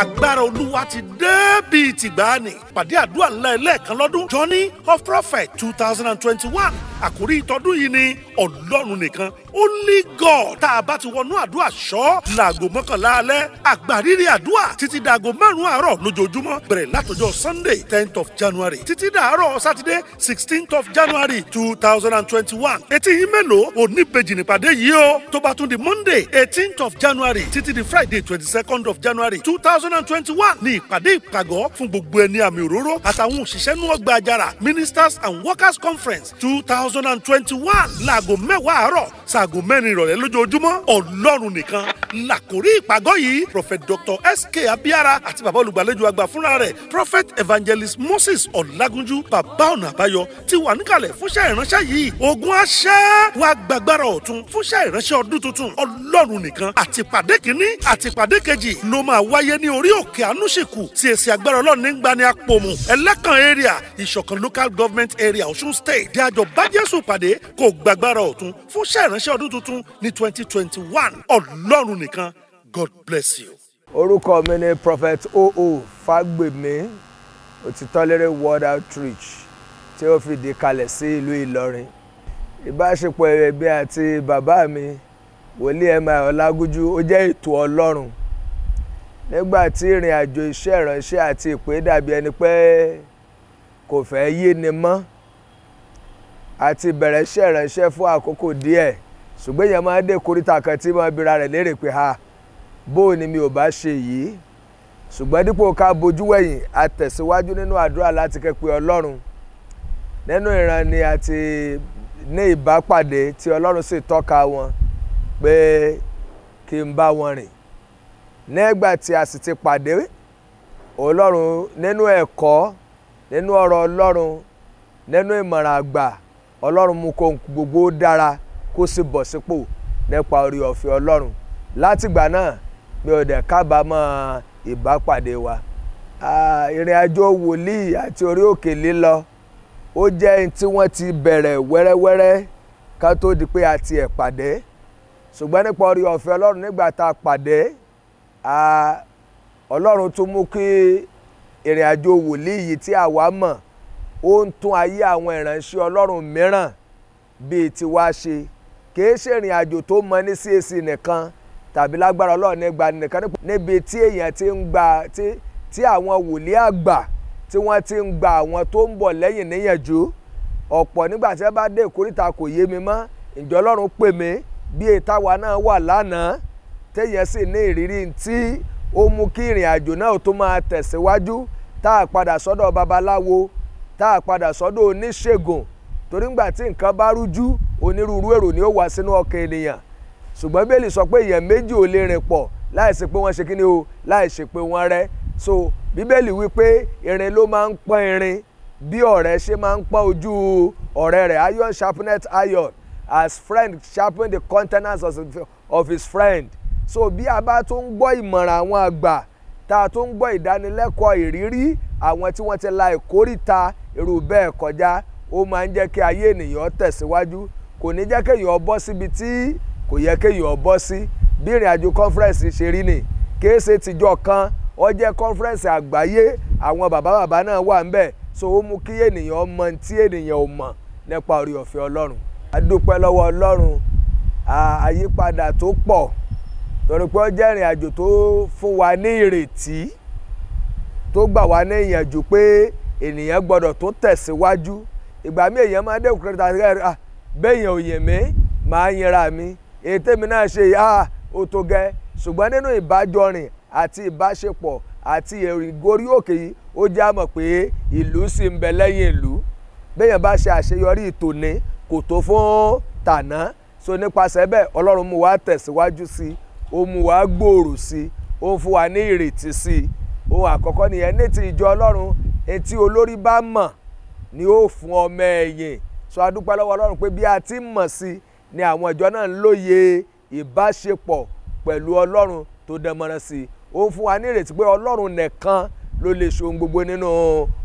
agbára olúwa ti dé bíi tìgbàanì pàdé àdúrà ńlá ẹlẹ́ẹ̀kan lọ́dún journey of prophet two thousand and twenty-one àkórí ìtọ́dún yìí ni ọlọ́run nìkan only god tá a bá ti wọnú àdúrà ṣọ́ làgò mọ́kànlá alẹ́ àgbàrírí àdúrà títí dàgò márùn-ún àárọ̀ lójoojúmọ́ bẹ̀rẹ̀ látọjọ́ sunday tenth of january títí dàárọ̀ saturday sixteenth of january two thousand and twenty-one etí yín mélòó oníbejì nípàdé yìí o tó bá tún di monday eighteenth of january títí di friday twenty-second of january two thousand 2021. and twenty-one ní ìpàdé ìpàgọ́ fún gbogbo ẹni àmì òróró àtàwọn òṣìṣẹ́ nú ọgbà àjàrà ministers and workers conference 2021. thousand and twenty-one láago mẹ́wàá àárọ̀ sáago mẹ́rin ìrọ̀lẹ́ lójoojúmọ́ ọlọ́run nìkan làkórí ìpàgọ́ yìí prophet dr sk abiara àti bàbá olùgbàlejò àgbà fúnra rẹ̀ prophet evangelist moses ọlágúnjú bàbá ọ̀nà àbáyọ ti wà níkàlẹ̀ fúnṣẹ́ ìránṣẹ́ yìí ogun aṣẹ́ wa gbàgbára ọ̀tun fúnṣẹ́ ìránṣẹ́ ọdún tuntun ọlọ́run nìkan àtìpàdé kìíní àtìpàdé kejì ló máa wáyé ní orí òkè anúṣekù tí èsì agbára ọlọ́run ní gbani apòmù ẹlẹ́kàn area ìṣọ̀kan local government area ọ̀ṣun state di àjọ bá jésù pàdé kò gbàgbára ọ̀tun fúnṣẹ́ ìránṣẹ́ ọdún tuntun ní twenty twenty one ọlọ́run nìkan God bless you. orúkọ mi ni prophet oo fagbemi òtítọ́lérè world outreach tí ó fìdí kalẹ̀ sí ìlú ìlọrin ìbáṣepọ̀ ẹ̀bí àti bàbá mi wòlíì emma ọlágúnjú ó jẹ́ ètò ọlọ́run nígbà tí ìrìn àjò iṣẹ́ ìránṣẹ́ àti ìpè dàbí ẹni pé kò fẹ́ yé ni mọ́ àti bẹ̀rẹ̀ iṣẹ́ ìránṣẹ́ fún àkókò díẹ̀ ṣùgbọ́n èèyàn máa dé koríta kan tí máa bira rẹ̀ lérè pé ha bó ni mi ò bá ṣe yìí ṣùgbọ́n dípò ká bojú wẹ̀yìn a tẹ̀síwájú nínú àdúrà láti ké pe ọlọ́run nínú ìran ni a ti ní ìbápàdé tí ọlọ́run sì tọ́ka wọn pé kí n bá wọn rìn nígbà tí a sì ti pàdé ọlọ́run nínú ẹ̀kọ́ nínú ọ̀rọ̀ ọlọ́run nínú ìmọ̀ràn àgbà ọlọ́run mú kó gbogbo dára kó sì bọ̀ sípò nípa orí ọ̀fẹ́ ọlọ́run látìgbà náà mi ò dẹ̀ kábàámọ̀ ìbápàdé wa ìrìn àjò wòlíì àti orí òkè lílọ ó jẹ́ ẹni tí wọ́n ti bẹ̀rẹ̀ wẹ́rẹ́wẹ́rẹ́ ká tó di pé a ti ẹ̀ pàdé ṣùgbọ́n nípa orí ọ̀fẹ́ ọlọ́run nígbà tá a pàdé ọlọ́run tún mú kí ìrìn àjò wòlíì yìí tí àwa mọ̀ ó ń tún ayé àwọn ìránṣẹ́ ọlọ́run mìíràn bíi tiwa ṣe kìí ṣe ìrìn àjò tó mọ ní CAC nìkan tàbí lágbára ọlọ́run nígbà nìkan níbi tí èèyàn ti ń gba tí àwọn wòlíì àgbà tí wọ́n ti ń gba àwọn tó ń bọ̀ lẹ́yìn níyànjú ọ̀pọ̀ nígbà tí wọ́n bá dé ìkórìtà kò yé mi mọ́ ǹjọ́ ọlọ́run pè mí bí ìtawà náà wà lánàá téèyàn sì ní ìrírí tí ó mú kí ìrìn àjò náà tó máa tẹ̀síwájú tá a padà sọ́dọ̀ babaláwo tá a padà sọ́dọ̀ oníṣègùn torí ńgbà tí nǹkan bá rújú onírúurú èrò ni ó wá sínú ọkàn ènìyàn ṣùgbọ́n bẹ́ẹ̀lì sọ pé èèyàn méjì ò lè rìn pọ̀ láìsí pé wọ́n ṣe kí ni o láìsí pé wọ́n rẹ́ so bíbélì wípé irin ló máa ń pọ́n irin bí ọ̀rẹ́ ṣe máa ń pọ́n ojú ọ̀rẹ́ rẹ̀ iron sharpeneth iron as friend sharpen the countenance of his friend so bí a bá tó ń gbọ́ ìmọ̀ràn àwọn àgbà tá a tó ń gbọ́ ìdánilẹ́kọ̀ọ́ ìrírí àwọn tí wọ́n ti la ìkórìíta irú bẹ́ẹ̀ kọjá ó máa ń jẹ́ kí ayé ènìyàn tẹ̀síwájú kò ní jẹ́ kéèyàn bọ́ síbi tí kò yẹ kéèyàn bọ́ sí bí ìrìn àjò conference ṣe rí ni kìí ṣe tìjọ kan ó jẹ́ conference àgbáyé àwọn bàbá bàbá náà wà ńbẹ̀ so ó mú kí ènìyàn mọ tí ènìyàn ò mọ̀ nípa orí ọ̀fẹ́ ọlọ́run a dúpẹ́ lọ́wọ́ ọlọ́run àyípadà tó pọ̀ torí pé ó jẹ́ ìrìn àjò tó fún wa ní ìrètí tó gbà wá ní ìyànjú pé ènìyàn gbọ́dọ̀ tó tẹ̀síwájú ìgbà míì èèyàn máa dẹ́kun kẹta bẹ́yẹn ò yẹn mí màá yẹra mi èyí tèmi náà ṣe yá o ah, tó gẹ́ ṣùgbọ́n nínú ìbájọrìn àti ìbáṣepọ̀ àti ìrìngórí òkè yìí ó já mọ̀ pé ìlú sì ń bẹ lẹ́yìn ìlú bẹ́yẹn bá ṣe àṣeyọrí ìtòní kò tó fún tàná so nípasẹ̀ bẹ́ẹ̀ ọlọ́run mú wa tẹ̀síwájú sí i ó mú wa gbòòrò sí i ó ń fún wa ní ìrètí sí i ohun àkọ́kọ́ nìyẹn ní ti ìjọ ọlọ́run etí olórí bá mọ̀ ni ó fún ọmọ ẹ̀yìn so adúpẹ́ lọ́wọ́ ọlọ́run pé bí a ti mọ̀ sí ni àwọn ìjọ náà ń lóye ìbáṣepọ̀ pẹ̀lú ọlọ́run tó dẹmọ̀ràn sí i ó ń fún wa ní ìrètí pé ọlọ́run nìkan ló lè ṣe ohun gbogbo nínú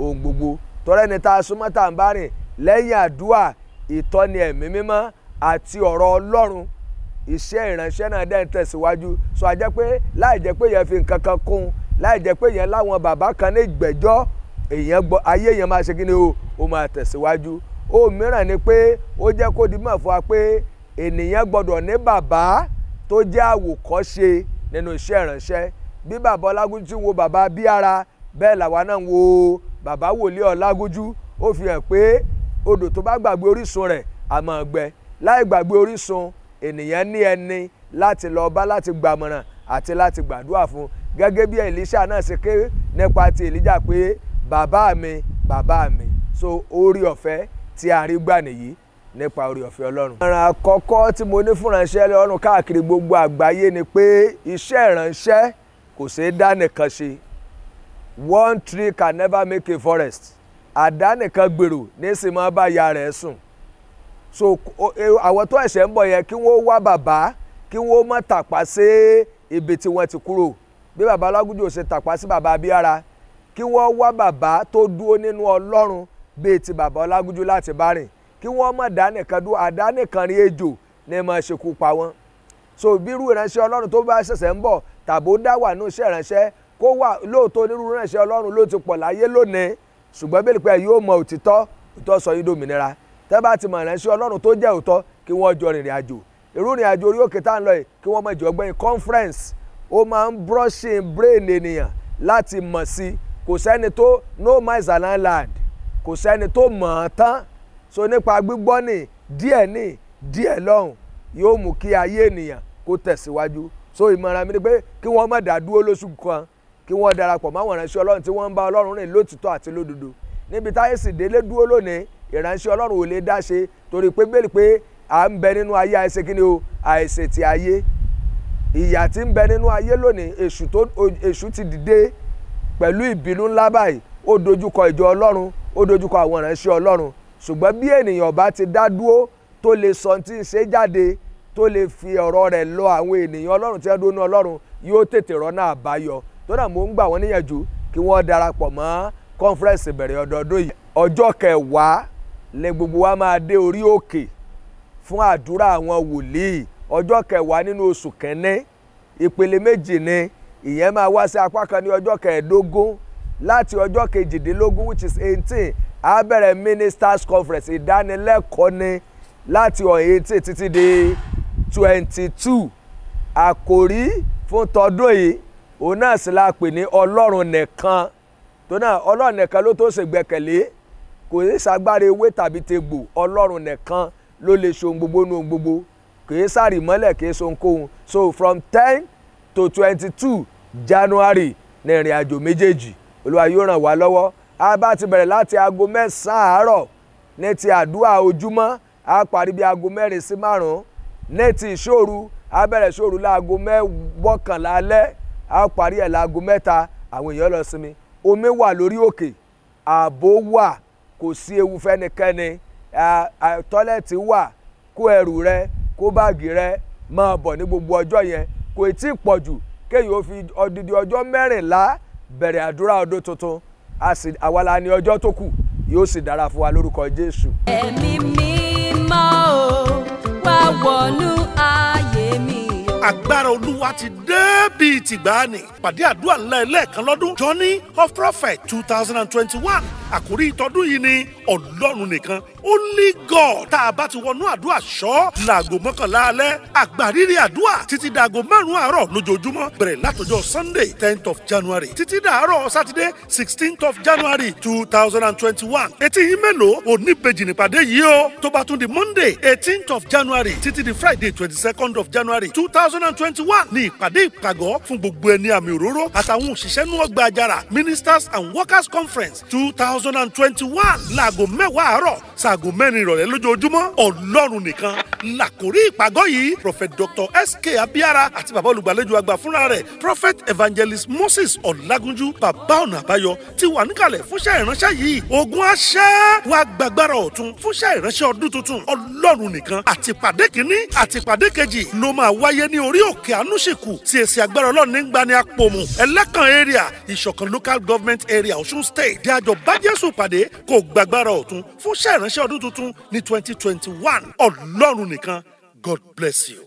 ohun gbogbo tọ́rẹ́ ni tá a súnmọ́ tá à ń bá rìn lẹ́yìn àdúrà ìtọ́ni ẹ̀mí mímọ́ àti ọ̀rọ̀ ọlọ́run iṣẹ́ ìránṣẹ́ náà dẹ̀ ń tẹ̀síwájú so a jẹ́ pé láì jẹ́ pé yẹn fi nǹkan kan kún láì jẹ́ pé yẹn láwọn bàbá kan ní ìgbẹ́jọ́ èèyàn gbọ́ ayé yẹn máa ṣe kí ni o ó máa tẹ̀síwájú ohun mìíràn ni pé ó jẹ́ kó di mọ̀ fún wa pé ènìyàn gbọ́dọ̀ ní bàbá tó jẹ́ àwòkọ́ṣe nínú iṣẹ́ ìránṣẹ́ bí bàbá Ọlágúnjú wo bàbá Abíára bẹ́ẹ̀ làwa náà ń wo bàbá wòlíì Ọlágúnjú ó fi hàn pé odò tó bá gbàgbé orísun rẹ̀ àmọ́ gbẹ láì gbàgbé orísun ènìyàn ní ẹni láti lọ bá láti gbàmọ̀ràn àti láti gbàdúrà fún gẹ́gẹ́ bí Èlíṣà náà ṣe ké nípa ti Èlíjà pé bàbá mi bàbá mi so orí ọ̀fẹ́ tí a rí gbà nìyí nípa orí ọ̀fẹ́ ọlọ́run. ọ̀ràn àkọ́kọ́ tí mo ní fún ìránṣẹ́ ọlọ́run káàkiri gbogbo àgbáyé ni pé iṣẹ́ ìránṣẹ́ kò ṣeé dá nìkan ṣe one tree can never make a forest àdá nìkan gbèrò ní sì máa bá ya rẹ̀ sùn so e, àwọn tó ẹ̀ṣẹ̀ ń bọ̀ yẹn kí wọ́n wá bàbá kí wọ́n má tàpá sí ibi tí wọ́n ti kúrò bí bàbá Lágúnjú ṣe tàpá sí bàbá Abíára kí wọ́n wá bàbá tó dúró nínú ọlọ́run bíi ti bàbá ọlágúnjú láti bá rìn kí wọ́n mọ̀ dánìkan dúró àdánìkan rí ejò ní mọ̀ ṣekú pa wọ́n so bírú ìránṣẹ́ ọlọ́run tó bá ṣẹ̀ṣẹ̀ ń bọ̀ tàbó dá wà ní iṣẹ́ ìránṣẹ́ kó wà lóòótọ́ onírúurú ìránṣẹ́ ọlọ́run ló ti pọ̀ láyé lónìí ṣùgbọ́n bẹ́ẹ̀ pé yóò mọ òtítọ́ òtítọ́ sọ yín dòmìnira tẹ́ bá ti mọ ìránṣẹ́ ọlọ́run tó jẹ́ òótọ́ kí wọ́n jọ rìnrìn àjò irú ìrìn àjò orí òkè tá lọ yìí kí wọ́n mọ ìjọ gbẹ́yìn conference ó máa ń brushing brain ènìyàn láti mọ̀ sí kò sẹ́ni tó no man's kò sẹ́ni tó mọ̀ ọ́n tán so nípa gbígbọ́ nì díẹ̀ nì díẹ̀ lọ́hùn yóò mú kí ayé ènìyàn kó tẹ̀síwájú so ìmọ̀ràn mi ni pé kí wọ́n má dá dúró lóṣù kan kí wọ́n darapọ̀ máwọn ìránṣẹ́ ọlọ́run tí wọ́n ń bá ọlọ́run rìn lótìtọ́ àti lódodo níbi táyé sì délé dúró lónìí ìránṣẹ́ ọlọ́run ò lè dá ṣe torí pé bẹ́ẹ̀ pé à ń bẹ nínú ayé àìṣe kí ni o àìṣe ti ayé ìyà tí ń bẹ nínú ayé lónìí èṣù ti dìde pẹ̀lú ìbínú ńlá báyìí ó dojúkọ ìjọ ọlọ́run ó dojúkọ àwọn ìránṣẹ́ ọlọ́run ṣùgbọ́n bí ènìyàn bá ti dá dúró tó lè sọ tí ń ṣe jáde tó lè fi ọ̀rọ̀ rẹ̀ lọ àwọn ènìyàn ọlọ́run tí wọ́n dúró ní ọlọ́run yóò tètè rọ́nà àbáyọ tó náà mò ń gbà wọ́n níyànjú kí wọ́n darapọ̀ mọ́ kọ́nfẹ́rẹ́nsì bẹ̀rẹ̀ ọdọọdún yìí ọjọ́ kẹwàá lẹ gbogbo wa máa dé orí òkè fún àdúrà àwọn wòlíì ọjọ́ kẹwàá nínú oṣù ìpele méjì ni ìyẹn máa wá sí apá kan ní láti ọjọ́ kejìdínlógún which is eighteen a ministers conference ìdánilẹ́kọ̀ọ́ ni láti on eighteen títí di twenty two àkòrí fún tọdún yìí òun náà sì la pè ní ọlọ́run nìkan tó náà ọlọ́run nìkan ló tó ṣègbẹ́kẹ̀lé kò ní ṣàgbára ewé tàbí tegbò ọlọ́run nìkan ló lè ṣohun gbogbo nu gbogbo kì í sáré mọ́lẹ̀ kì í ṣohunkóhun so from ten to twenty two january ní ìrìn àjò méjèèjì olúwa yóò ràn wá lọ́wọ́ a bá ti bẹ̀rẹ̀ láti aago mẹ́sàn-án àárọ̀ ní ti àdúrà ojúmọ́ a parí bí aago mẹ́rin sí márùn-ún ní ti ìṣòru a bẹ̀rẹ̀ ìṣòru láago mẹ́wọ́kànlá alẹ́ a parí ẹ̀ láago mẹ́ta àwọn èèyàn lọ sinmi omi wà lórí òkè ààbò wà kò sí ewu fẹ́nikẹ́ni tọ́lẹ̀tì wà kó ẹrù rẹ kó báàgì rẹ máa bọ̀ ní gbogbo ọjọ́ yẹn kò tí ì pọ̀jù kéèyàn ó fi odidi ọjọ́ mẹ́rìnlá bẹ̀rẹ̀ àdúrà ọdún tuntun àwa la ní ọjọ́ tó kù yóò sì dára fún wa lórúkọ Jésù. ẹ̀mí mímọ́ o wá wọ̀lú ayé mi agbára olúwa ti dé bíi tìgbàanì pàdé àdúrà ńlá ẹlẹ́ẹ̀kan lọ́dún journey of prophet two thousand and twenty-one àkórí ìtọ́dún yìí ni ọlọ́run nìkan only God tá a bá ti wọnú àdúrà ṣọ́ làgò mọ́kànlá alẹ́ àgbàrírí àdúrà títí dàgò márùn-ún àárọ̀ lójoojúmọ́ bẹ̀rẹ̀ látọjọ́ Sunday tenth of January títí dàárọ̀ Saturday 16th of January two thousand and twenty-one etí yín mélòó oníbejì nípàdé yìí o tó bá tún di Monday eighteenth of January títí di Friday twenty-second of January two thousand and twenty-one ní ìpàdé ìpàgọ́ fún gbogbo ẹni àmì òróró àtàwọn òṣìṣẹ́ nú ọgbà àjàrà Ministers and Workers Conference two thousand thousand and twenty one láago mẹ́wàá àárọ̀ ṣaago mẹ́rin ìrọ̀lẹ́ lójoojúmọ́ ọlọ́run nìkan làkórí ìpàgọ́ yìí prophet dr sk abiara àti bàbá olùgbàlejò àgbà fúnra rẹ̀ prophet evangelist moses ọlágúnjú bàbá ọ̀nà àbáyọ ti wà níkàlẹ̀ fúnṣẹ́ ìránṣẹ́ yìí ogun aṣẹ́ wa gbàgbára ọ̀tun fúnṣẹ́ ìránṣẹ́ ọdún tuntun ọlọ́run nìkan àtìpàdé kìíní àtìpàdé kejì ló máa wáyé ní orí òkè anúṣekù tí èsì agbára ọlọ́run ní gbani apòmù ẹlẹ́kàn area ìṣọ̀kan local government area ọ̀ṣun state díàjọ bá jésù pàdé kò gbàgbára ọ̀tun fúnṣẹ́ ìránṣẹ́ ìránṣẹ́ ọdún tuntun ní twenty twenty one ọlọ́run nìkan God bless you.